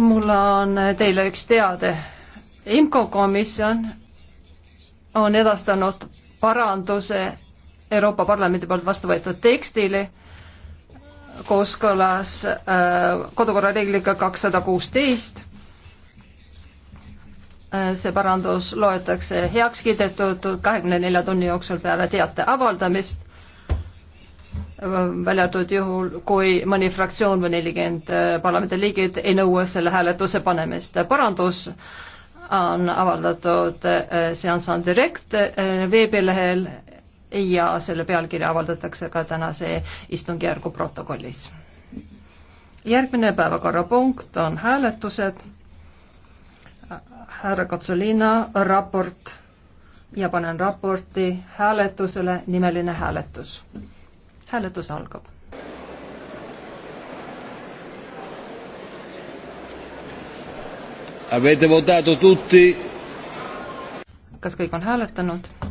mul on teile üks teade. IMCO komisjon on edastanud paranduse Euroopa Parlamendi poolt vastu võetud tekstile kooskõlas äh, kodukorra reegliga kakssada kuusteist. Äh, see parandus loetakse heaks kiidetud kahekümne nelja tunni jooksul peale teate avaldamist välja arvatud juhul, kui mõni fraktsioon või nelikümmend äh, parlamendiliiget ei nõua selle hääletuse panemist. parandus on avaldatud äh, Seanss on direkt äh, veebilehel ja selle pealkiri avaldatakse ka tänase istungjärgu protokollis. järgmine päevakorrapunkt on hääletused. härra Katsolina raport ja panen raporti hääletusele, nimeline hääletus hääletus algab. Avete votato tutti? kas kõik on hääletanud?